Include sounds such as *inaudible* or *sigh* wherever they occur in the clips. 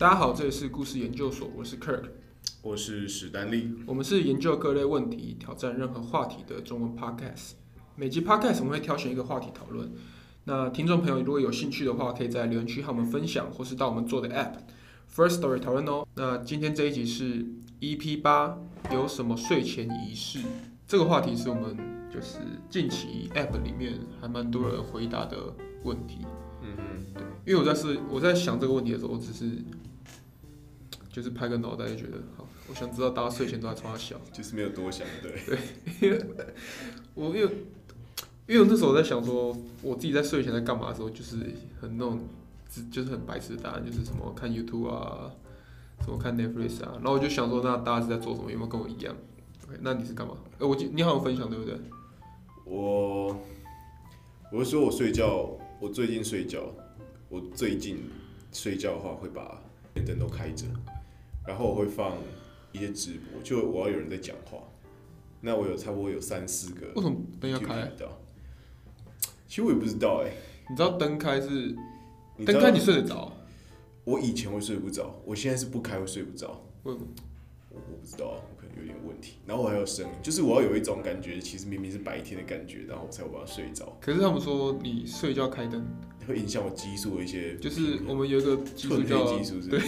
大家好，這裡是故事研究所，我是 Kirk，我是史丹利，我們是研究各類問題、挑戰任何話題的中文 podcast。每集 podcast 我們會挑選一個話題討論。那聽眾朋友如果有興趣的話，可以在留言區和我們分享，或是到我們做的 app First Story 討論哦。那今天這一集是 EP 八，有什麼睡前儀式？這個話題是我們就是近期 app 裡面還蠻多人回答的問題。嗯嗯哼，對，因為我在是我在想這個問題的時候，我只是。就是拍個腦袋就覺得好，我想知道大家睡前都在床上想，就是沒有多想，對。對，因為我因為因為我那時候我在想說，我自己在睡前在幹嘛的時候，就是很那種，就是很白痴的答案，就是什麼看 YouTube 啊，什麼看 Netflix 啊，然後我就想說，那大家是在做什麼？有沒有跟我一樣？Okay, 那你是幹嘛？哎、呃，我就你好分享對不對？我我是說我，睡覺，我睡覺，我最近睡覺，我最近睡覺的話會把電燈都開着。然後我會放一些直播，就我要有人在講話，那我有差不多有三四個。為什麼燈要開？啊？其實我也不知道哎、欸。你知道燈開是？燈開你睡得着？啊？我以前會睡不着，我現在是不開會睡不着。我我不知道、啊、我可能有點問題。然後我還有聲音，就是我要有一種感覺，其實明明是白天的感覺，然後我才我要睡着。可是他們說你睡覺開燈會影響我激素的一些，就是我們有一個褪黑激素，就是，對。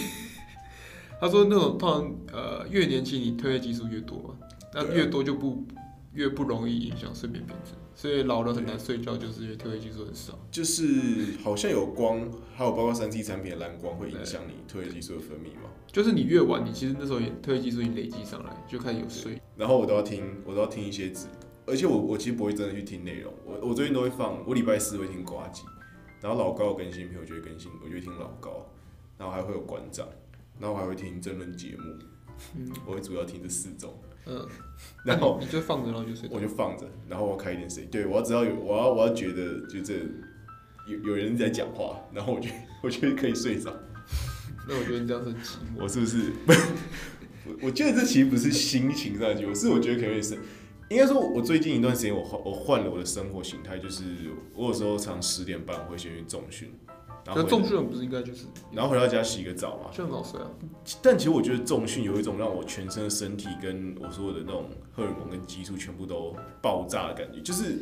他說那種胖，呃越年輕你褪黑激素越多嘛，那越多就不對越不容易影響睡眠品質，所以老了很難睡覺對就是因為褪黑激素很少。就是好像有光，對還有包括三 D 產品的藍光會影響你褪黑激素的分泌嘛。就是你越晚，你其實那時候也褪黑激素已經累積上來，就開始有睡。然後我都要聽，我都要聽一些紙。而且我我其實不會真的去聽內容，我我最近都會放，我禮拜四會聽呱吉，然後老高有更新影片，我就會更新我就會聽老高，然後還會有館長。然後我還會聽爭論節目，嗯、我會主要聽這四種。嗯，然後、啊、你就放着，然後就睡。我就放着，然後我開一點聲音。對，我只要有我要我要覺得就這有有人在講話，然後我覺我覺得可以睡着。那我覺得你這樣生氣， *laughs* 我是不是？ *laughs* 我我覺得這其實不是心情上去，我是我覺得可能是應該說，我最近一段時間我換、嗯、我換了我的生活形態，就是我有時候常十點半我會先去重訓。那重訓不是應該就是，然後，然後回到家洗個澡嘛，就很好睡啊。但其實我覺得重訓有一種讓我全身的身體跟我所有的那種荷爾蒙跟激素全部都爆炸的感覺。就是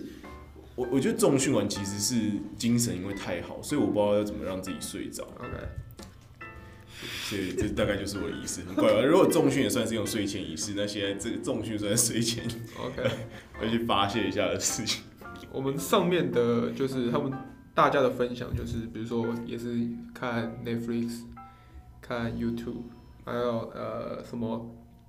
我我覺得重訓完其實是精神因為太好，所以我不知道要怎麼讓自己睡着。OK，所以這大概就是我的意思，很怪吧，如果重訓也算是一種睡前儀式，那現在這個重訓算是睡前 OK 回去發洩一下的事情。我們上面的就是他們。大家的分享就是，比如說也是看 Netflix，看 YouTube，還有呃什麼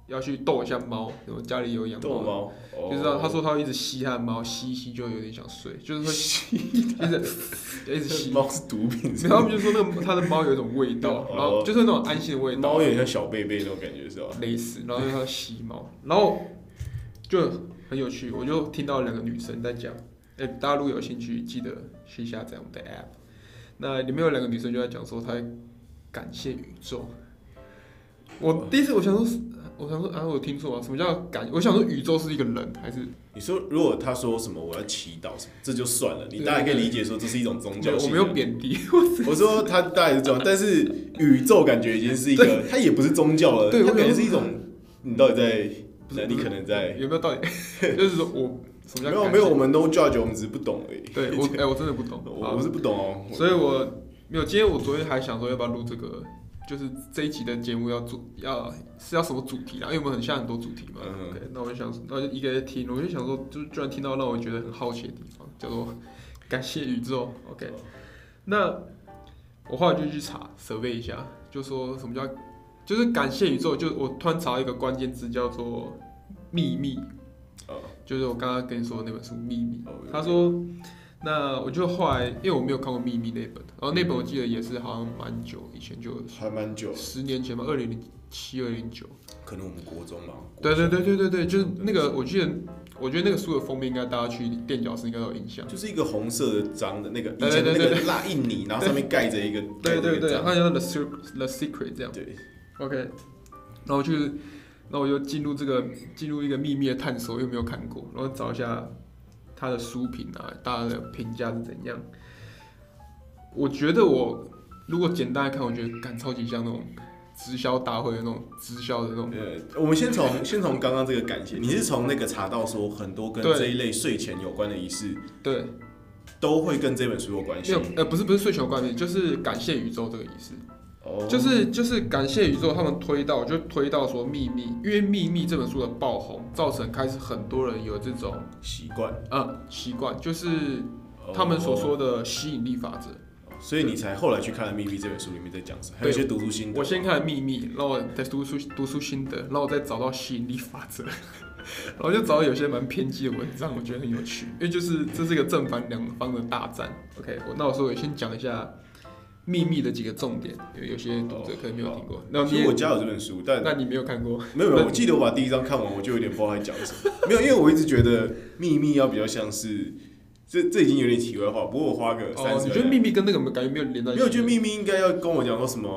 要去逗一下貓，什麼家裡有養貓，就知道、啊哦、他說他一直吸他的貓，吸一吸就有點想睡，就是說吸一直、就是、一直吸貓是毒品，就說那個他的貓有一種味道，哦、然後就是那種安心的味道，貓有點像小貝貝那種感覺是吧？類似，然後就他吸貓，然後就很有趣，我就聽到兩個女生在講。誒、欸，大家有興趣記得去下載我們的 App。那裡面有兩個女生就在講說，她感謝宇宙。我第一次我想說，我想說啊，我聽錯了，什麼叫感？我想說宇宙是一個人還是？你說如果他說什麼我要祈禱什麼，這就算了，對你大概可以理解說這是一種宗教。我沒有貶低，我，我說他大概是這樣， *laughs* 但是宇宙感覺已經是一個，它對也不是宗教了，對它感覺是一種。是你到底在？你可能在有沒有道理？就是說我。 *laughs* 沒有沒有，沒有感謝 我們 no judge 我們只是不懂而、欸、已。對，我哎、欸，我真的不懂， *laughs* 我是不懂哦。所以我沒有，今天我昨天還想說，要不要錄這個，就是這一集的節目要做，要是要什麼主題啊？因為我們很像很多主題嘛。嗯、哼 OK，那我就想，那我就一個一個聽，我就想說，就是居然聽到讓我覺得很好奇的地方，叫做感謝宇宙。OK， *laughs* 那我後來就去查，survey 一下，就說什麼叫，就是感謝宇宙，就我突然查到一個關鍵字叫做秘密。就是我剛剛跟你說的那本書《秘密》，oh, okay。他說，那我就後來，因為我沒有看過《秘密》那本，然後那本我記得也是好像蠻久以前就，還蠻久，十年前吧，二零零七二零九，2007，可能我們國中嘛。對對對對對對，就是那個我記得，我覺得那個書的封面應該大家去墊腳石應該有印象，就是一個紅色的章的那個，以前那個蠟印泥，然後上面蓋着一個 *laughs* 對，對，對對對，看起來像 the the secret 這樣。對，OK，然後就是。那我就進入這個，進入一個秘密的探索，又沒有看過？然後找一下他的書評啊，大家的評價是怎樣？我覺得我如果簡單來看，我覺得感超級像那種直銷大會的那種直銷的那種。對，我們先從先從剛剛這個感謝，嗯、你是從那個查到說很多跟這一類睡前有關的儀式，對，都會跟這本書有關係。呃、不是不是睡前有關係，就是感謝宇宙這個儀式。Oh. 就是就是感謝宇宙，他們推到，就推到說秘密，因為秘密這本書的爆紅，造成開始很多人有這種習慣，啊慣。習慣、嗯、就是他們所說的吸引力法則。Oh. Oh. 對所以你才後來去看了秘密這本書裡面在講什麼？對有些讀書心得。我先看了秘密，然後再讀書讀書心得，然後再找到吸引力法則，然後就找到有些蠻偏激的文章，我覺得很有趣，因為就是這是一個正反兩方的大戰。OK，我那我說我先講一下。秘密的幾個重點，有有些讀者可能沒有聽過。哦、那其實我家有這本書，但你沒有看過？沒有沒有，你我記得我把第一章看完，我就有點不知道講什麼。 *laughs* 沒有，因為我一直覺得秘密要比較像是，這這已經有點奇怪話。不過我花個三十。我、哦、覺得秘密跟那個有沒有感覺沒有連在。沒有，我覺得秘密應該要跟我講說什麼？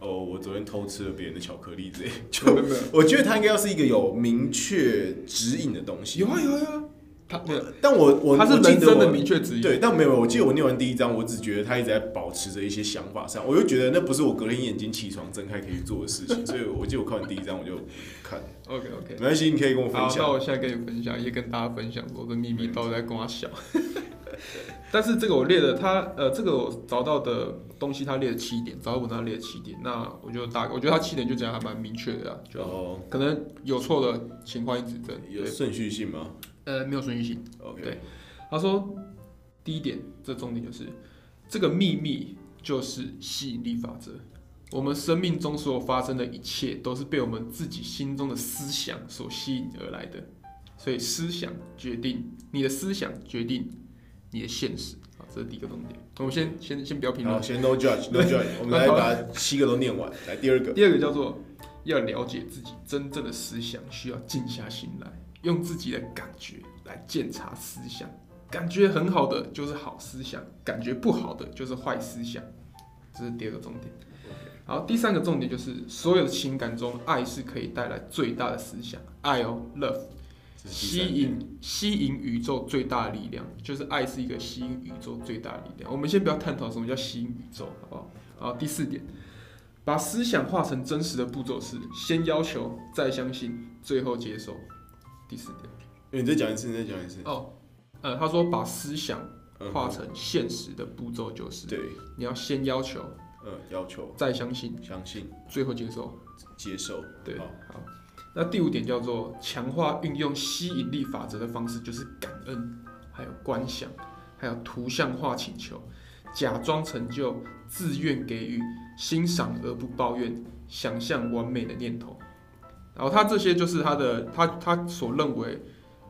哦，我昨天偷吃了別人的巧克力之類的。就沒有沒有。我覺得它應該要是一個有明確指引的東西。嗯、有啊有啊。他不，但我我他是能真的明確指引。指引對，但沒有，我記得我念完第一章，我只覺得他一直在保持着一些想法上，我就覺得那不是我隔天眼睛起床睜開可以做的事情， *laughs* 所以我記得我看完第一章我就看。OK OK，沒關係，你可以跟我分享。那我現在跟你分享，一些跟大家分享過的秘密到底在跟我想。 *laughs* 但是這個我列的，他呃，這個我找到的東西，他列了七點，找到文章列了七點，那我就大，我覺得他七點就這樣還蠻明確的啊，就可能有錯的情況一直正，然後，有順序性嗎？呃，沒有順序性。OK，他說，第一點，這重點就是，這個秘密就是吸引力法則。我們生命中所有發生的一切，都是被我們自己心中的思想所吸引而來的。所以，思想決定，你的思想決定你的現實。好，這是第一個重點。我們先先先不要評論。好，先 No judge，No judge no judge, *laughs* 我們來把七個都念完。來，第二個。 *laughs* 第二個叫做，要了解自己真正的思想，需要靜下心來。用自己的感覺來檢查思想，感覺很好的就是好思想，感覺不好的就是壞思想，這是第二個重點。Okay. 好，第三個重點就是所有的情感中，愛是可以帶來最大的思想，愛哦，love，吸引吸引宇宙最大的力量，就是愛是一個吸引宇宙最大的力量。我們先不要探討什麼叫吸引宇宙，好不好？好，第四點，把思想化成真實的步驟是：先要求，再相信，最後接受。第四點，欸、你再講一次，你再講一次哦。呃、oh, 嗯，他說把思想化成現實的步驟就是，對、嗯哼，你要先要求，呃、嗯，要求，再相信，相信，最後接受，接受。對，好，好，那第五點叫做強化運用吸引力法則的方式，就是感恩，還有觀想，還有圖像化請求，假裝成就，自願給予，欣賞而不抱怨，想象完美的念頭。然後他這些就是他的，他他所認為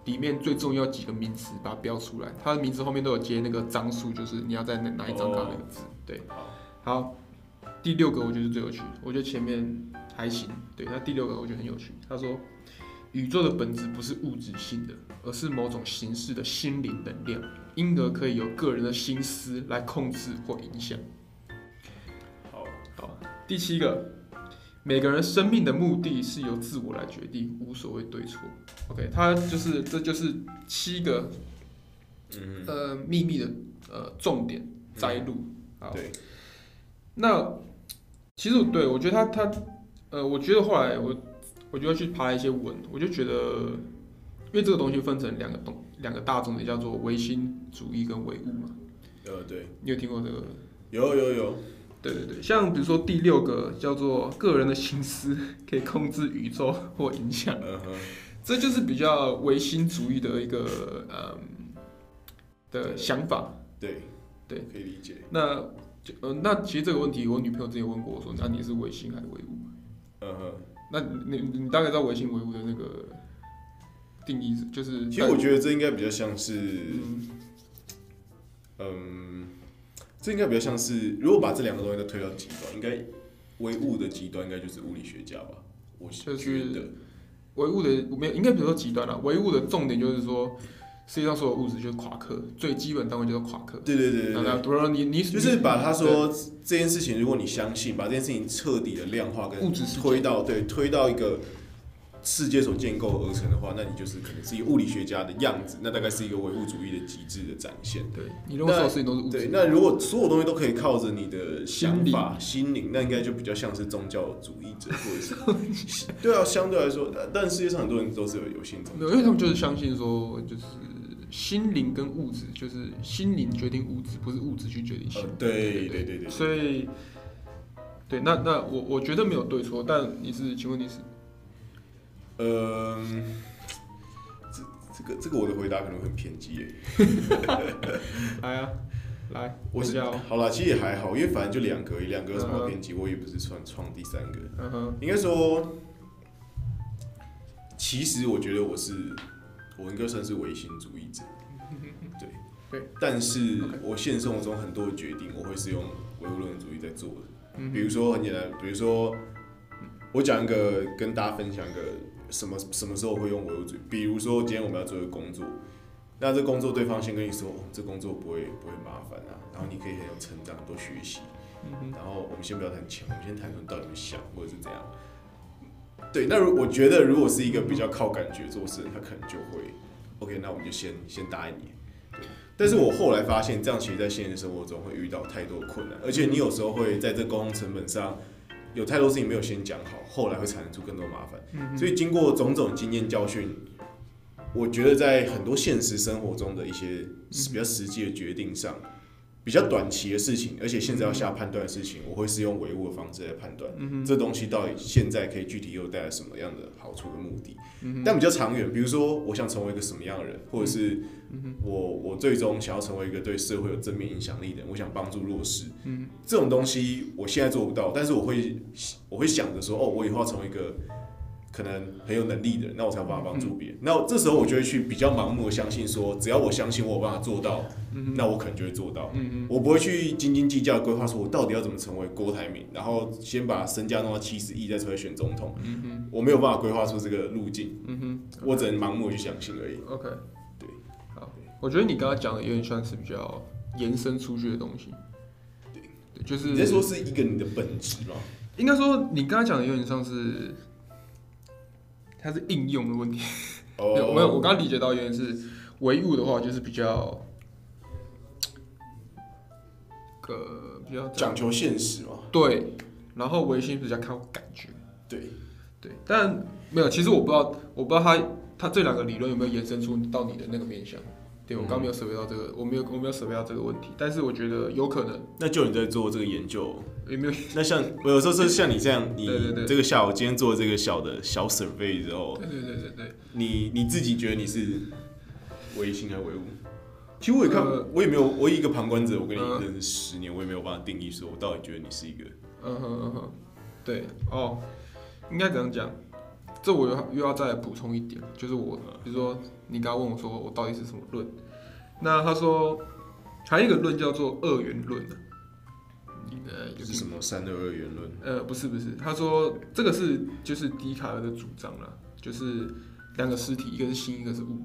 裡面最重要的幾個名詞，把它標出來。他的名詞後面都有接那個張數，就是你要在哪哪一張卡那個字。對，好，第六個我覺得是最有趣，我覺得前面還行。對，那第六個我覺得很有趣。他說，宇宙的本質不是物質性的，而是某種形式的心靈能量，因而可以由個人的心思來控制或影響。好，好，第七個。每個人生命的目的是由自我來決定，無所謂對錯。OK，他就是，這就是七個，嗯、呃，祕密的，呃，重點摘錄啊。嗯、好對。那其實，對我覺得他他，呃，我覺得後來我，我就去爬一些文，我就覺得，因為這個東西分成兩個東，兩個大眾的叫做唯心主義跟唯物嘛。呃，對。你有聽過這個？有有有。有有對對對，像比如說第六個叫做個人的心思可以控制宇宙或影響，uh huh. 這就是比較唯心主義的一個嗯的想法。對對，對對可以理解。那嗯、呃，那其實這個問題我女朋友之前問過我說，嗯、那你是唯心還是唯物？嗯、uh，huh. 那你你大概知道唯心唯物的那個定義就是，其實我覺得這應該比較像是嗯。嗯這應該比較像是，如果把這兩個東西都推到極端，應該唯物的極端應該就是物理學家吧？我覺得，唯物的沒有應該別說極端啦。唯物的重點就是說，世界上所有物質就是夸克，最基本的單位就是夸克。對對對不你你就是把他說對這件事情，如果你相信，把這件事情徹底的量化跟物質推到對推到一個。世界所建構而成的話，那你就是可能是一個物理學家的樣子，那大概是一個唯物主義的極致的展現。對，你如果所有事情都是物，對，那如果所有東西都可以靠着你的想法、心靈靈，那應該就比較像是宗教主義者，或者什麼， *laughs* 對啊，相對來說，但世界上很多人都是有有信仰，因為他們就是相信說，就是心靈跟物質，就是心靈決定物質，不是物質去決定心靈，對對對對，對對對對所以，對，那那我我覺得沒有對錯，嗯、但你是，請問你是？嗯、呃，這這個這個，這個、我的回答可能很偏激耶。來啊，來，我是這樣。哦、好了，其實也還好，因為反正就兩個而已，兩個有什麼偏激？嗯、哼我也不是創創第三個。嗯哼，應該說，其實我覺得我是，我應該算是唯心主義者。對、嗯、哼對，Okay. 但是我現實生活中很多的決定，我會是用唯物論主義在做的。嗯哼，比如說很簡單，比如說，我講一個跟大家分享一個。什麼什麼時候會用我嘴？比如說今天我們要做一個工作，那這工作對方先跟你說，哦、這工作不會不會麻煩啊，然後你可以很有成長多學習，嗯、哼然後我們先不要談錢，我們先談論到底你們想或者是怎樣。對，那如我覺得如果是一個比較靠感覺做事，他可能就會 OK。那我們就先先答應你，對。嗯、哼但是我後來發現，這樣其實在現實生活中會遇到太多困難，而且你有時候會在這公共成本上。有太多事情沒有先講好，後來會產生出更多麻煩。嗯哼。所以經過種種經驗教訓，我覺得在很多現實生活中的，一些比較實際的決定上。嗯比較短期的事情，而且現在要下判斷的事情，嗯、哼我會是用唯物的方式來判斷，嗯、哼這東西到底現在可以具體又帶來什麼樣的好處的目的。嗯、哼但比較長遠，比如說我想成為一個什麼樣的人，或者是我我最終想要成為一個對社會有正面影響力的人，我想幫助弱勢，嗯、哼這種東西我現在做不到，但是我會我會想着說，哦，我以後要成為一個。可能很有能力的人，那我才有辦法幫助別人。嗯、那這時候我就會去比較盲目的相信說，說只要我相信我有辦法做到，嗯、哼那我可能就會做到。嗯、哼我不會去斤斤計較規劃出我到底要怎麼成為郭台銘，然後先把身價弄到七十億再出來選總統。嗯、哼我沒有辦法規劃出這個路徑，嗯 okay. 我只能盲目的去相信而已。OK，對，好，我覺得你剛剛講的有點像是比較延伸出去的東西，嗯、對,對，就是別說是一個你的本質吧。應該說你剛剛講的有點像是。它是應用的問題，有、oh, *laughs* 沒有？我剛剛理解到，原因是唯物的話，就是比較，呃、比較講求現實嘛。對，然後唯心比較靠感覺。對，對，但沒有，其實我不知道，我不知道他他這兩個理論有沒有延伸出到你的那個面向。嗯、對，我剛沒有 survey 到這個，我沒有我沒有 survey 到這個問題，但是我覺得有可能。那就你在做這個研究，喔，有沒有。那像我有時候是像你這樣， *laughs* 對對對對，你這個下午今天做這個小的小 survey 之後，對對對對對。你你自己覺得你是唯心還是唯物？其實我也看，嗯、我也沒有，我一個旁觀者，我跟你認識十年，嗯，我也沒有辦法定義說，我到底覺得你是一個。嗯哼嗯哼，對哦，oh, 應該怎樣講？這我又又要再補充一點，就是我，比如說你剛剛問我說我到底是什麼論，那他說還有一個論叫做二元論呢，呃，就是什麼三二二元論？呃，不是不是，他說這個是就是笛卡爾的主張啦，就是兩個實體，嗯、一個是心，嗯、一個是物，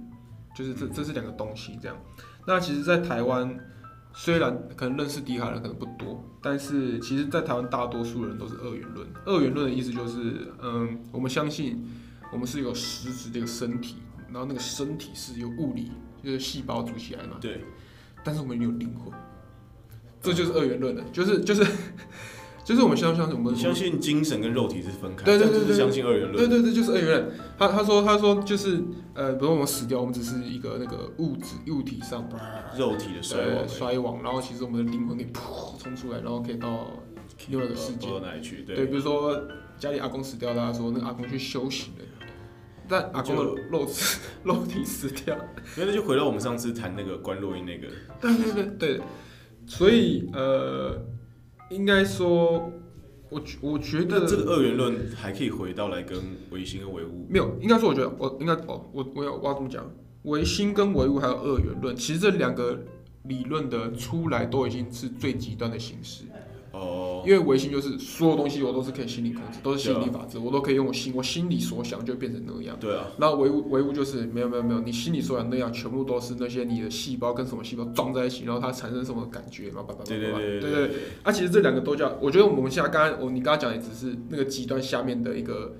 就是這這是兩個東西這樣。那其實，在台灣。雖然可能認識笛卡爾的人可能不多，但是其實，在台灣大多數人都是二元論。二元論的意思就是，嗯，我們相信我們是有實質的一個身體，然後那個身體是由物理，就是細胞組起來嘛。對。但是我們有靈魂，這就是二元論的，就是就是。嗯 *laughs* 就是我們相相信，我們相信精神跟肉體是分開的，對對對，就是相信二元論。對對對，就是二元論。他他說他說就是呃，比如我們死掉，我們只是一個那個物質物體上肉體的衰衰亡，然後其實我們的靈魂可以噗衝出來，然後可以到另外一個世界去。對，比如說家裡阿公死掉，他說那阿公去修行了，但阿公的肉質肉體死掉，所以那就回到我們上次談那個觀落陰那個。對對對對，所以呃。應該說，我覺我覺得這個二元論還可以回到來跟唯心跟唯物。沒有，應該說我覺得我應該哦，我我要，我要怎麼講？唯心跟唯物還有二元論，其實這兩個理論的出來都已經是最極端的形式。哦，因為唯心就是所有東西我都是可以心理控制，都是心理法則，我都可以用我心，我心裡所想就變成那個樣。對啊。然後唯物唯物就是沒有沒有沒有，你心裡所想那樣，全部都是那些你的細胞跟什麼細胞撞在一起，然後它產生什麼感覺，然後吧吧吧吧。對對對對啊，其實這兩個都叫，我覺得我們現在剛才我你剛剛講的只是那個極端下面的一個。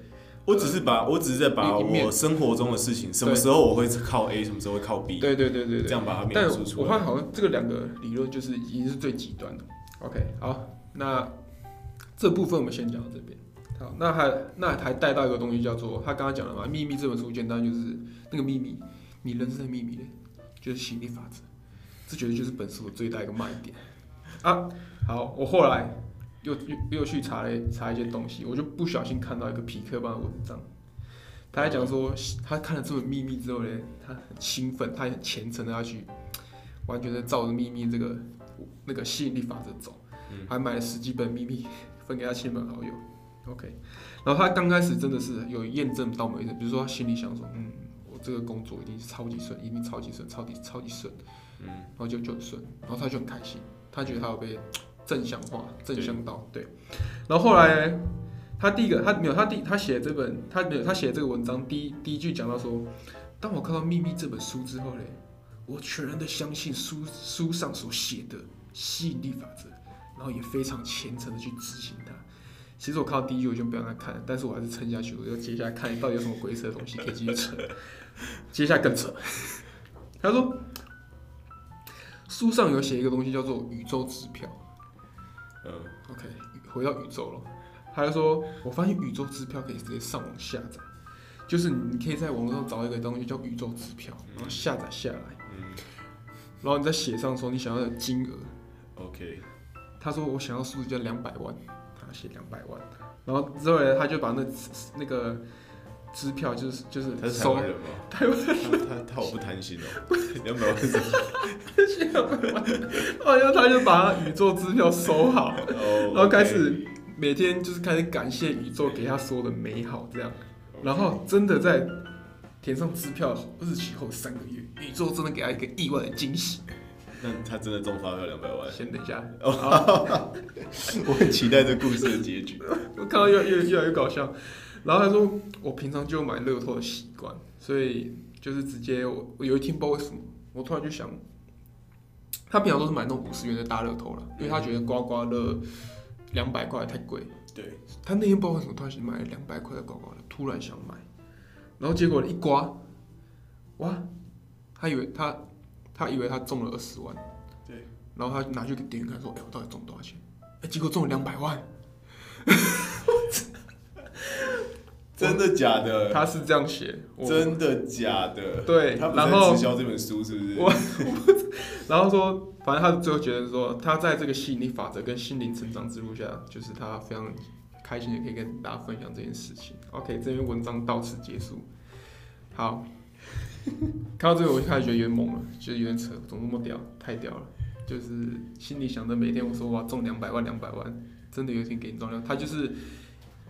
我只是把我只是在把我生活中的事情，什麼時候我會靠 A，什麼時候會靠 B。對對對對對。這樣把它。但我看好像這個兩個理論就是已經是最極端的。OK，好。那這部分我們先講到這邊。好，那還那還帶到一個東西，叫做他剛剛講了嘛，《祕密》這本書簡單就是那個祕密，你人生的祕密，就是吸引力法則。這絕對就是本書的最大一個賣點啊！好，我後來又又又去查了查了一些東西，我就不小心看到一個皮克曼的文章，他還講說他看了這本《祕密》之後嘞，他很興奮，他很虔誠的要去完全的照着《祕密》這個那個吸引力法則走。還買了十幾本《秘密》，分給他親朋好友。OK，然後他剛開始真的是有驗證到沒錯，比如說他心裡想說：“嗯，我這個工作一定是超級順，一定超級順，超級超級,超級順。”嗯，然後就就很順，然後他就很開心，他覺得他有被正向化、嗯、正向到。對,對，然後後來他第一個他沒有他第他寫的這本他沒有他寫的這個文章第一第一句講到說：“當我看到《秘密》這本書之後嘞，我全然的相信書書上所寫的吸引力法則。”然後也非常虔誠的去執行它。其實我看到第一句我就不想再看了，但是我還是撐下去。我就接下來看到底有什麼鬼扯的東西可以繼續扯。 *laughs* 接下來更扯，他說書上有寫一個東西叫做宇宙支票。嗯，OK，回到宇宙了。他就說，我發現宇宙支票可以直接上網下載，就是你可以在網絡上找一個東西叫宇宙支票，然後、嗯、下載下來。嗯、然後你再寫上說你想要的金額。OK。他說：“我想要數字就兩百萬，他寫兩百萬，然後之後呢他就把那那個支票就是就是收，他是台灣，台灣他他他我不貪心哦，兩百是萬兩百萬，然後 *laughs* *laughs* 他就把他宇宙支票收好，oh, okay. 然後開始每天就是開始感謝宇宙給他所有的美好這樣，Okay. 然後真的在填上支票日期後三個月，宇宙真的給他一個意外的驚喜。”他真的中發票兩百萬？先等一下，oh, 好 *laughs* 我很期待這故事的結局。 *laughs* 我看到越越來越搞笑，然後他說我平常就有買樂透的習慣，所以就是直接我,我有一天不知道為什麼，我突然就想，他平常都是買那種五十元的大樂透了，嗯嗯因為他覺得刮刮樂兩百塊太貴。對他那天不知道為什麼突然想買兩百塊的刮刮樂，突然想買，然後結果一刮，哇，他以為他。他以為他中了二十萬，對然後他拿去給店員看說：“哎，我到底中了多少錢？”哎，結果中了兩百萬！ *laughs* 我真的假的？他是這樣寫，真的假的？對。他然後推銷這本書是不是？然後然後說，反正他最後覺得說，他在這個吸引力法則跟心靈成長之路下，就是他非常開心，也可以跟大家分享這件事情。OK，這篇文章到此結束。好。 *laughs* 看到這個我就開始覺得有點懵了，覺得有點扯，怎麼那麼屌，太屌了。就是心裡想着每天我說我要中兩百萬兩百萬，真的有一天給你中了，他就是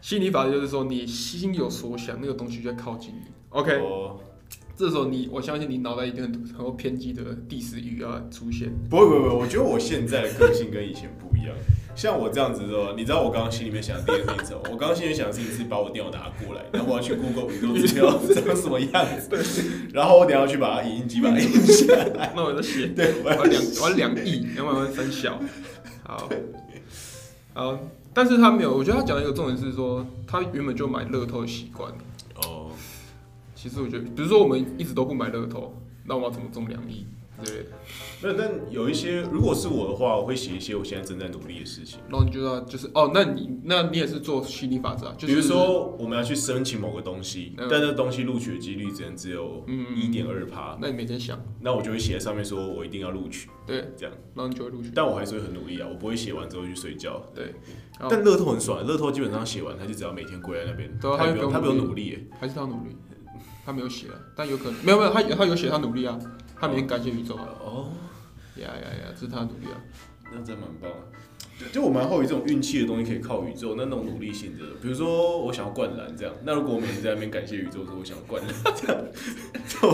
心裡法就是說你心有所想，那個東西就在靠近你。OK。這時候你，我相信你腦袋一定很很多偏激的第思域啊出現。不會不，不我覺得我現在的個性跟以前不一樣。 *laughs* 像我這樣子說，你知道我剛剛心裡面想， *laughs* 想的是什麼？我剛剛心裡面想的事情是你把我電腦拿過來，然後我要去 Google 一下，這個什麼樣子？ *laughs* 對。然後我等下去把它音機把它音下來。 *laughs* 那我就寫。對。我要兩 *laughs* 我要兩億，要慢慢分小。好。對好，但是他沒有，我覺得他講的一個重點是說，他原本就買樂透的習慣。其實我覺得，比如說我們一直都不買樂透，那我們要怎麼中兩億？對。那那有一些，如果是我的話，我會寫一些我現在正在努力的事情。然後你就要就是哦，那你那你也是做吸引力法則啊？就比如說我們要去申請某個東西，但這東西錄取的幾率只能只有一點二趴。那你每天想，那我就會寫在上面，說我一定要錄取。對，這樣，然後你就會錄取。但我還是會很努力啊，我不會寫完之後去睡覺。對。但樂透很爽，樂透基本上寫完他就只要每天跪在那邊，他不用他不用努力，還是他努力。他沒有寫，但有可能沒有沒有他他有寫，他努力啊，他沒感謝宇宙啊。哦，呀呀呀，這是他的努力啊，那真蠻棒的。就我蠻好奇這種運氣的東西可以靠宇宙，那種努力性的，比如說我想要灌籃這樣，那如果我們在那邊感謝宇宙說我想要灌籃這， *laughs* 這樣，就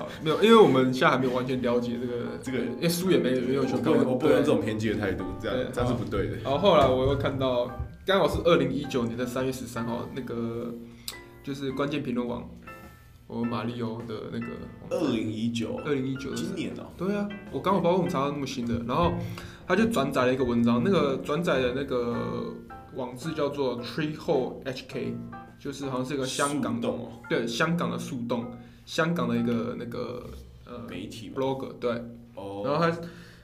啊沒有，因為我們現在還沒有完全了解這個這個，因為、欸、書也沒有對有沒有全看完。不對，我對不用這種偏激的態度，這樣這樣是不對的。然後後來我又看到，剛好是二零一九年的三月十三號，那個就是關鍵評論網。我馬里奧的那個二零一九，二零一九，今年哦、喔。對啊，我剛好包括我們查到那麼新的，然後他就轉載了一個文章，那個轉載的那個網誌叫做 Tree Hole HK，就是好像是一個香港的哦，對，香港的樹洞，香港的一個那個呃 blog 媒體 blogger 對，然後他，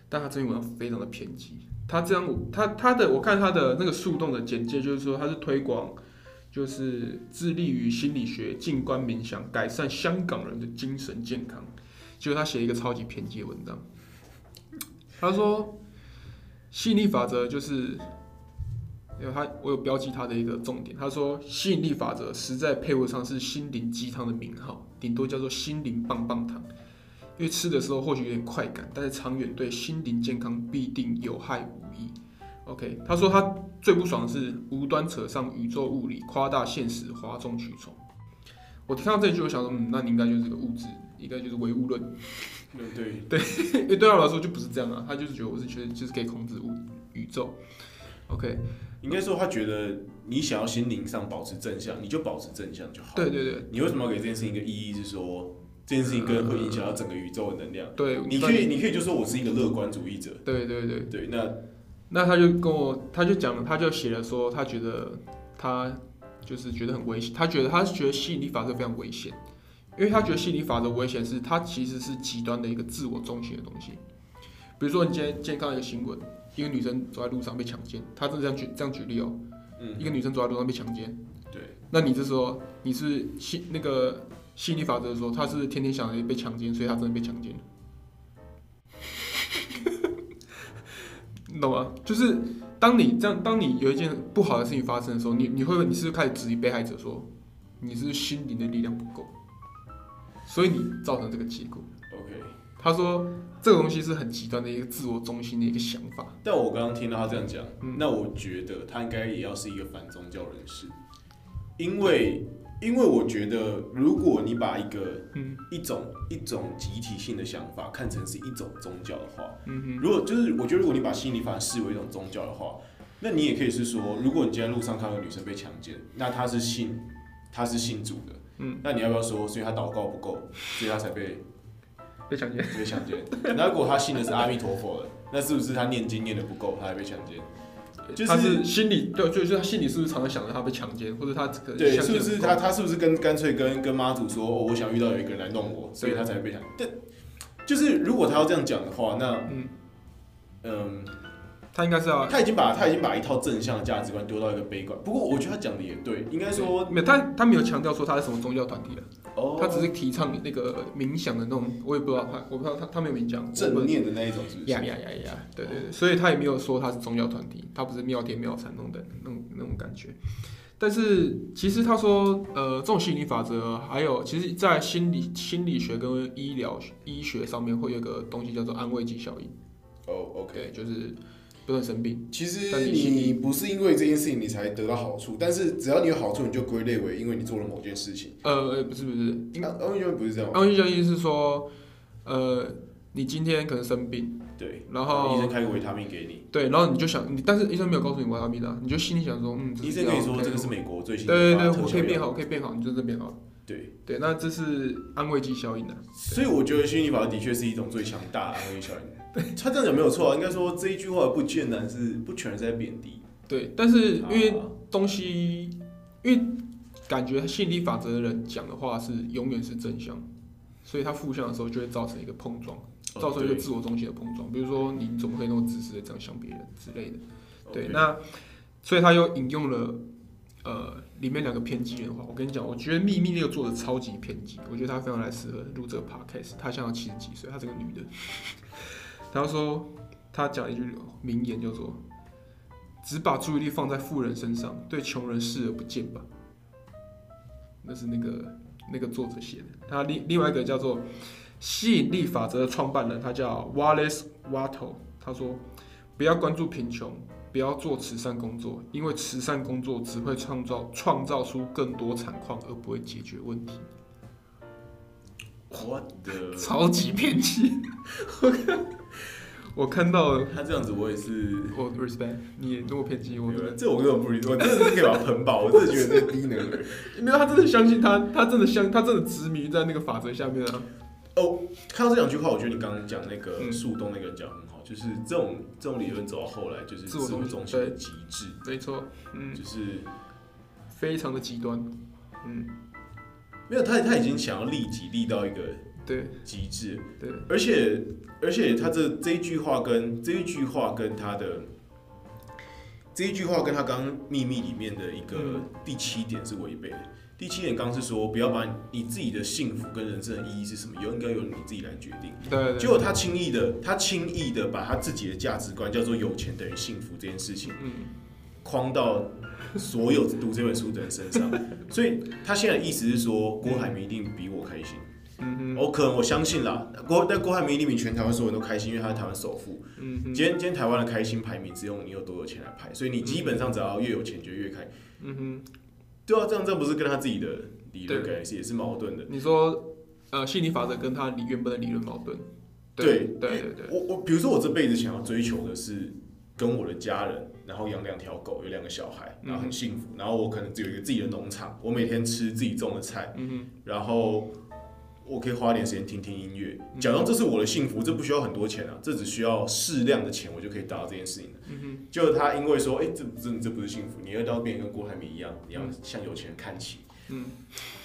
但他這篇文章非常的偏激，他這樣他他的我看他的那個樹洞的簡介就是說他是推廣。就是致力於心理學、靜觀冥想，改善香港人的精神健康。結果他寫一個超級偏激的文章。他說吸引力法則就是，因為他我有標記他的一個重點。他說吸引力法則實在配不上是心靈雞湯的名號，頂多叫做心靈棒棒糖。因為吃的時候或許有點快感，但是長遠對心靈健康必定有害無益。OK，他說他最不爽的是無端扯上宇宙物理，誇大現實，譁眾取寵。我聽到這句，我想說，嗯，那你應該就是個物質，應該就是唯物論，對對對。因為對、啊、我來說就不是這樣啊，他就是覺得我是覺得就是可以控制宇宙。OK，應該說他覺得你想要心靈上保持正向，你就保持正向就好。對對對。你為什麼要給這件事情一個意義？是說這件事情跟會影響到整個宇宙的能量？呃、對，你可以，但你可以就說我是一個樂觀主義者。對對對對，對那。那他就跟我，他就講了，他就寫了說，他覺得他就是覺得很危險，他覺得他是覺得吸引力法則非常危險，因為他覺得吸引力法則危險是他其實是極端的一個自我中心的東西。比如說你今天今天看到一個新聞，一個女生走在路上被強姦，他真的這樣舉這樣舉例哦，嗯，一個女生走在路上被強姦，對，那你就說你是吸那個吸引力法則說他是天天想着被強姦，所以他真的被強姦了。懂嗎？就是當你這樣，當你有一件不好的事情發生的時候，你你會，你是不是開始質疑被害者說，你是不是心靈的力量不夠，所以你造成這個結果。OK，他說這個東西是很極端的一個自我中心的一個想法。但我剛剛聽到他這樣講，嗯，那我覺得他應該也要是一個反宗教人士，因為。因為我覺得，如果你把一個、嗯、一種一種集體性的想法看成是一種宗教的話，嗯、哼如果就是我覺得，如果你把心理法視為一種宗教的話，那你也可以是說，如果你今天路上看到女生被強姦，那她是信她是信主的，嗯，那你要不要說，所以她禱告不夠，所以她才被被強姦被強姦？那如果她信的是阿彌陀佛的，那是不是她念經念得不夠，她才被強姦？就是，他是心裡，就就是他心裡是不是常常想着他被強奸，或者他這個對，是不是他他是不是跟乾脆跟跟媽祖說，哦，我想遇到有一個人來弄我，所以他才會被強奸。但對就是如果他要這樣講的話，那嗯。嗯他應該是要，他已經把他已經把一套正向價值觀丟到一個悲觀。不過我覺得他講的也對，應該說沒有，他他沒有強調說他是什麼宗教團體的、啊。哦，oh. 他只是提倡那個冥想的那種，我也不知道他我不知道他他們有沒有講正念的那一種是不是？呀呀呀呀，對對對，oh. 所以他也沒有說他是宗教團體，他不是妙天妙禪弄的那種那種，那種感覺。但是其實他說，呃，這種心理法則，還有其實在心理心理學跟醫療醫學上面，會有個東西叫做安慰劑效應。哦、oh，OK，就是。生病，其實你不是因為這件事情你才得到好處，但是只要你有好處，你就歸類為因為你做了某件事情。呃，不是不是，安慰教育不是這樣。安慰教育是說，呃，你今天可能生病，對，然後，然後醫生開個維他命給你，對，然後你就想你，但是醫生沒有告訴你維他命的，啊，你就心裡想說，嗯，這這醫生跟你說可以這個是美國最新的，對對，對對對，我可以變好，可以變好，你就是變好了。對對，那這是安慰劑效應，啊、所以我覺得吸引力法則的確是一種最強大的安慰劑效應、啊。 *laughs* 對， *laughs* 他這樣講沒有錯啊。應該說，這一句話不艱難是不全是在貶低。對，但是因為東西，啊、因為感覺吸引力法則的人講的話是永遠是正向，所以他負向的時候就會造成一個碰撞，造成一個自我中心的碰撞。哦、比如說你總不可以那麼自私的這樣想別人之類的。對，Okay 那所以他又引用了呃。裡面兩個偏激的話，我跟你講，我覺得秘密那個作者超級偏激，我覺得他非常來適合錄這個 podcast。他像有七十幾歲，他是個女的。 *laughs* 他說他講一句名言，叫做“只把注意力放在富人身上，對窮人視而不見吧。”那是那個那個作者寫的。他另另外一個叫做吸引力法則的創辦人，他叫 Wallace Wattles，他說：“不要關注貧窮。”不要做慈善工作，因為慈善工作只會創造創造出更多慘況，而不會解決問題。我的 What the? 超級偏激，我看到他這樣子，我也是。respect！你這麼偏激，我這 *laughs* 我根本不理。我真的是給他捧爆，我真的覺得這低能 *laughs* 沒有，他真的相信他，他真的相，他真的執迷在那個法則下面啊。哦，oh, 看到這兩句話，我覺得你剛剛講那個樹洞那個講很好，嗯、就是這種這種理論走到後來就是自我中心的極致，沒錯，嗯，就是非常的極端，嗯，沒有他他已經想要利己利到一個對極致，對，而且對而且他這這一句話跟這一句話跟他的這一句話跟他剛剛秘密裡面的一個第七點是違背的。嗯第七點剛是說，不要把你自己的幸福跟人生的意義是什麼，應該由你自己來決定。對、對、對，結果他輕易的，他輕易的把他自己的價值觀叫做“有錢等於幸福”這件事情，嗯、框到所有讀這本書的人身上。 *laughs* 所以他現在的意思是說，郭海明一定比我開心。我，嗯哦、可能我相信啦，郭但郭海明一定比全台灣所有人都開心，因為他是台灣首富。嗯、今天今天台灣的開心排名是用你有多有錢來排，所以你基本上只要越有錢就越開。嗯哼。嗯對啊，這樣這不是跟他自己的理論，對，也是矛盾的。你說，呃，心理法則跟他你原本的理論矛盾？對，對，對對對。我我比如說我這輩子想要追求的是跟我的家人，然後養兩條狗，有兩個小孩，然後很幸福，嗯、然後我可能只有一個自己的農場，我每天吃自己種的菜，嗯哼，然後。我可以花一點時間聽聽音樂。假如這是我的幸福，嗯、這不需要很多錢啊，這只需要適量的錢，我就可以達到這件事情了。嗯哼，就他因為說，哎、欸，這這不這不是幸福？你要到別人跟郭台銘一樣，你要像有錢人看齊。嗯，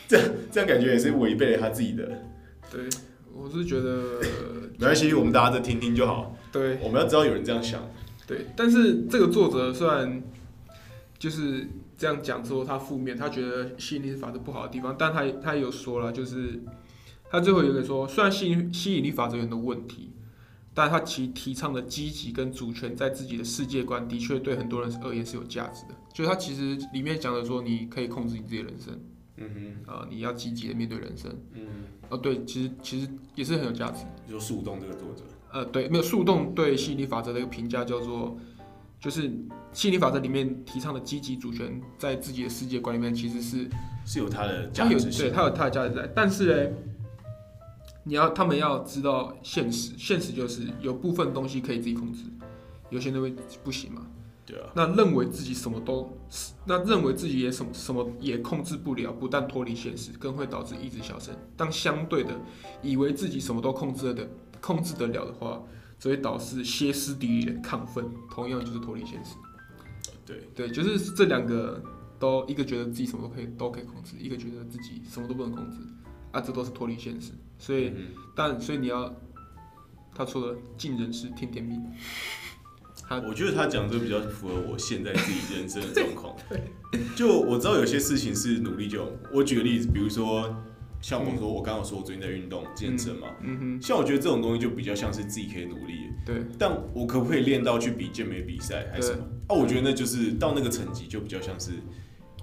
這樣這樣感覺也是違背了他自己的。對，我是覺得 *coughs* 沒關係，我們大家在聽聽就好。對，我們要知道有人這樣想。對，但是這個作者雖然就是這樣講說他負面，他覺得吸引力法則不好的地方，但他他有說了，就是。他最後有一個說，雖然吸引吸引力法則有很多問題，但他其實提倡的積極跟主權在自己的世界觀的確對很多人而言是有價值的。就是他其實裡面講的說，你可以控制你自己的人生，嗯嗯哼啊、呃，你要積極的面對人生，嗯，哦、呃，對，其實其實也是很有價值。就樹洞這個作者，呃，對，沒有樹洞對吸引力法則的一個評價叫做，就是吸引力法則裡面提倡的積極主權在自己的世界觀裡面其實是是有它的價值他，對，它有它的價值在，但是嘞。嗯你要他們要知道現實，現實就是有部分東西可以自己控制，有些人會不行嘛。對啊。那認為自己什麼都，那認為自己也什麼什麼也控制不了，不但脫離現實，更會導致意志消沉。當相對的，以為自己什麼都控制的，控制得了的話，只會導致歇斯底里的亢奮，同樣就是脫離現實。對 Yeah. 對，就是這兩個都一個覺得自己什麼都可以都可以控制，一個覺得自己什麼都不能控制，啊，這都是脫離現實。所以，嗯、哼但所以你要，他說的盡人事聽天、天命。我覺得他講這個比較符合我現在自己人生的狀況。 *laughs* 對就我知道有些事情是努力就，就我舉個例子，比如說像我說我剛剛說我最近在運動健身嘛，嗯、嗯哼，像我覺得這種東西就比較像是自己可以努力。對，但我可不可以練到去比健美比賽還是什麼？對啊，我覺得那就是到那個層級就比較像是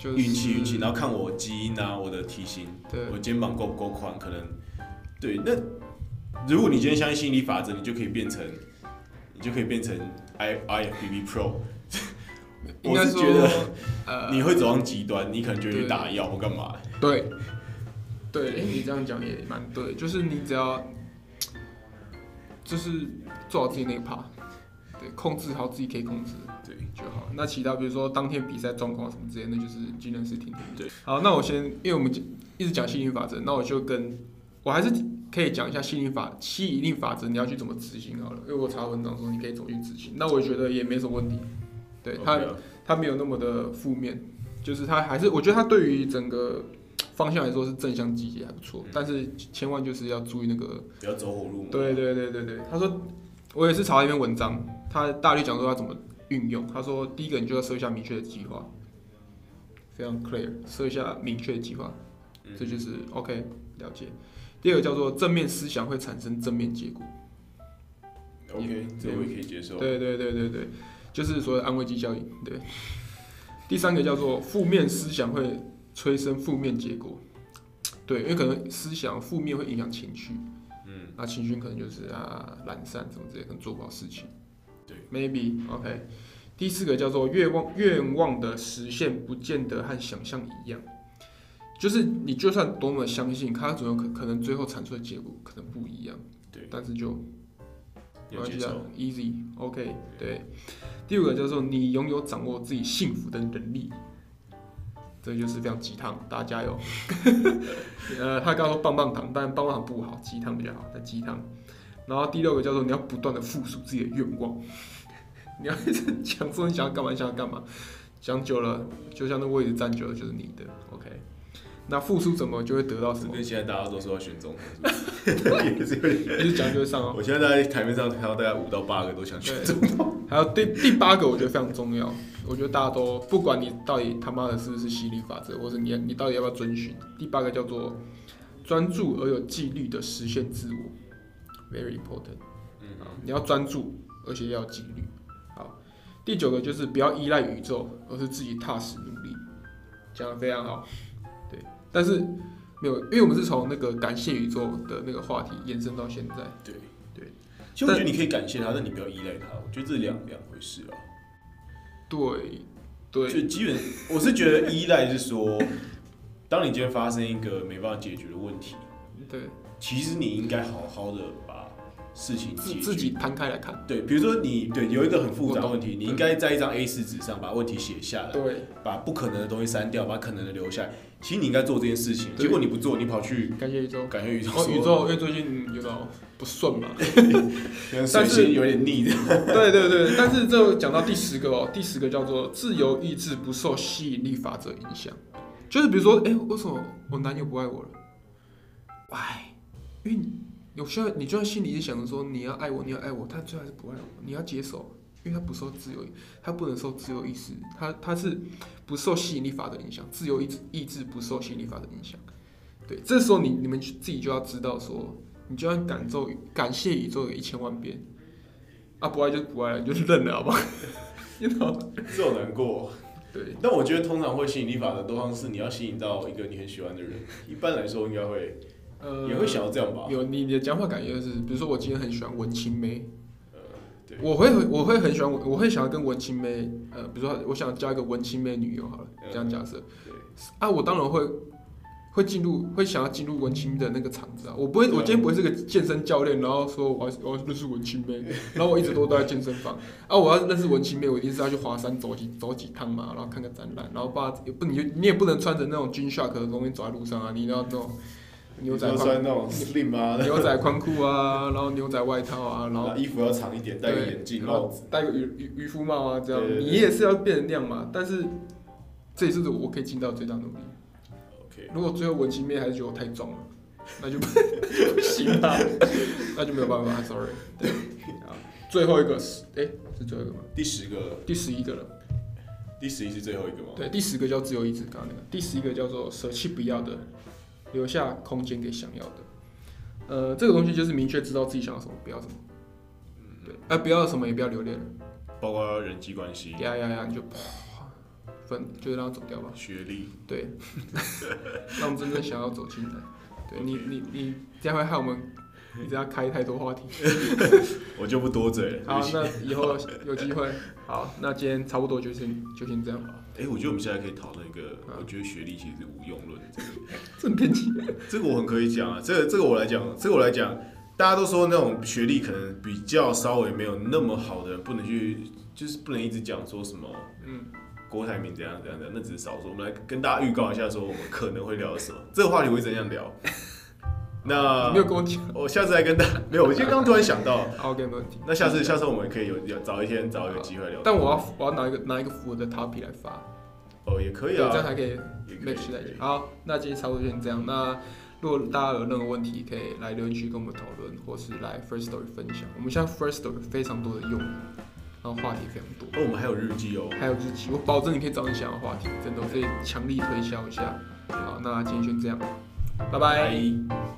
運氣、就是、運氣，然後看我基因啊，我的體型，對我肩膀夠不夠寬，可能。對，那如果你今天相信心理法則，你就可以變成，你就可以變成 IFBB Pro。因為 *laughs* 我是覺得，呃，你會走上極端，你可能就得對打藥或幹嘛？對，對， *laughs* 欸、你這樣講也蠻對的，就是你只要，就是做好自己那一趴，對，控制好自己可以控制，對就好。那其他比如說當天比賽狀況什麼之類，那就是盡人事，聽天命。對，好，那我先，因為我們一直講心理法則，那我就跟。我還是可以講一下吸引力法、吸引力法則，你要去怎麼執行好了。因為我查文章說你可以走去執行，那我覺得也沒什麼問題。對他，okay 啊、他沒有那麼的負面，就是他還是我覺得他對於整個方向來說是正向積極，還不錯。嗯、但是千萬就是要注意那個，不要走火入魔。對對對對對，他說我也是查了一篇文章，他大力講說要怎麼運用。他說第一個你就要設一下明確的計劃，非常 clear，設一下明確的計劃，這、嗯、就是 OK，了解。第二個叫做正面思想會產生正面結果，OK，Yeah. 這我也可以接受。對對對對對，就是所謂安慰劑效應。對， *laughs* 第三個叫做負面思想會催生負面結果，對，因為可能思想負面會影響情緒，嗯，那、啊、情緒可能就是啊懶散什麼之類的，做不好事情。對，Maybe OK。第四個叫做願望願望的實現不見得和想象一樣。就是你就算多麼的相信，它總有可可能最後產出的結果可能不一樣。對，但是就沒關係這樣，easy，OK。Easy, okay, 對，對第五個叫做你擁有掌握自己幸福的能力，嗯、這就是非常雞湯，大家加油。呃，他剛剛說棒棒糖，但棒棒糖不好，雞湯比較好。但雞湯。然後第六個叫做你要不斷的複述自己的願望， *laughs* 你要一直講說你想要幹嘛，想要幹嘛，講久了，就像那位置站久了就是你的。那付出什麼就會得到什麼？因為現在大家都說要選中，也是有點，也是講究上、哦、我現在在台面上看到大概五到八個都想選中對。 *laughs* 還有第第八個，我覺得非常重要。 *laughs* 我覺得大家都不管你到底他媽的是不是吸引力法則，或是你你到底要不要遵循。第八個叫做專注而有紀律的實現自我，very important、嗯。啊，你要專注而且要紀律。好，第九個就是不要依賴宇宙，而是自己踏實努力。講得非常好。好但是沒有，因為我們是從那個感謝宇宙的那個話題延伸到現在。對對，其實我覺得你可以感謝他，嗯、但你不要依賴他。我覺得這是兩兩回事啊。對對，對就基本我是覺得依賴是說， *laughs* 當你今天發生一個沒辦法解決的問題，對，其實你應該好好的。事情自自己攤開來看，對，比如說你對有一個很複雜的問題，你應該在一張 A 四紙上把問題寫下來，對，把不可能的東西刪掉，把可能的留下。其實你應該做這件事情，結果你不做，你跑去感謝宇宙，感謝宇宙，宇宙因為最近有點不順嘛，但是有點膩，對對對，但是就講到第十個哦，第十個叫做自由意志不受吸引力法則影響，就是比如說，哎，為什麼我男友不愛我了 Why？因為。有需要，你就像心裡想着說你要愛我，你要愛我，他最後還是不愛我。你要接受，因為他不受自由，他不能受自由意志，他他是不受吸引力法則影響，自由意志意志不受吸引力法則影響。對，這時候你你們自己就要知道說，你就要感受感謝宇宙有一千萬遍。啊，不愛就不愛，你就是認了好不好，好 *laughs* 吧？你懂？這種難過。對，但我覺得通常會吸引力法則的多方式，你要吸引到一個你很喜歡的人，一般來說應該會。呃，會想要這樣吧。有你你的講話感覺是，比如說我今天很喜歡文青妹，呃，我會我會很喜歡我，我會想要跟文青妹，呃，比如說我想交一個文青妹女友好了，這樣假設，對，啊，我當然會會進入會想要進入文青的那個場子啊。我不會，我今天不會是個健身教練，然後說我要我要認識文青妹，然後我一直都待在健身房。啊，我要認識文青妹，我一定是要去華山走幾走幾趟嘛，然後看個展覽，然後把不能你也不能穿着那種軍靴，可能容易走在路上啊，你要那種。啊、牛仔那種、啊，牛仔寬褲啊，然後牛仔外套啊，然後衣服要長一點，戴個眼鏡，然後戴個漁漁漁夫帽啊，這樣。對對對，你也是要變成那樣嘛？但是這也是，是我可以盡到最大努力。Okay. 如果最後文青妹還是覺得我太壯了，那就不 *laughs* 行了、啊， *laughs* 那就沒有辦法，sorry。對，好，最後一個，哎、欸，是最後一個嗎？第十個，第十一個了，第十一個是最後一個嗎？對，第十個叫自由意志，剛剛那個，第十一個叫做捨棄不要的。留下空間給想要的，呃，這個東西就是明確知道自己想要什麼，不要什麼，嗯、對，啊、呃，不要什麼也不要留戀了，包括人際關係，呀呀呀，你就啪、呃、分，就讓他走掉吧。學歷歷，對， *laughs* 那我們真正想要走進來， *laughs* 對 Okay. 你，你，你這樣會害我們，你這樣開太多話題，我就不多嘴。好，那以後有機會，好，那今天差不多就先就先這樣吧。好哎，我覺得我們現在可以討論、那、一個，啊、我覺得學歷其實無用論，這個 *laughs* 這個我很可以講啊，這個、這個我來講，這個我來講，大家都說那種學歷可能比較稍微沒有那麼好的，不能去，就是不能一直講說什麼，嗯，郭台銘怎樣怎樣的，那只是少數。我們來跟大家預告一下，說我們可能會聊什麼，這個話題會怎樣聊。 *laughs* 那沒有跟我講，我下次再跟大家。沒有，我今天剛突然想到，OK，沒問題。那下次，下次我們可以有找一天找一個機會聊。但我要我要拿一個拿一個服務的 topic 來發。哦，也可以啊。這樣還可以 m a 好，那今天差不多先這樣。那如果大家有任何問題，可以來留言區跟我們討論，或是來 first story 分享。我們現在 first story 非常多的用，然後話題非常多。哦，我們還有日記哦，還有日記，我保證你可以找你想要的話題，真的我可以強力推銷一下。好，那今天先這樣，拜拜。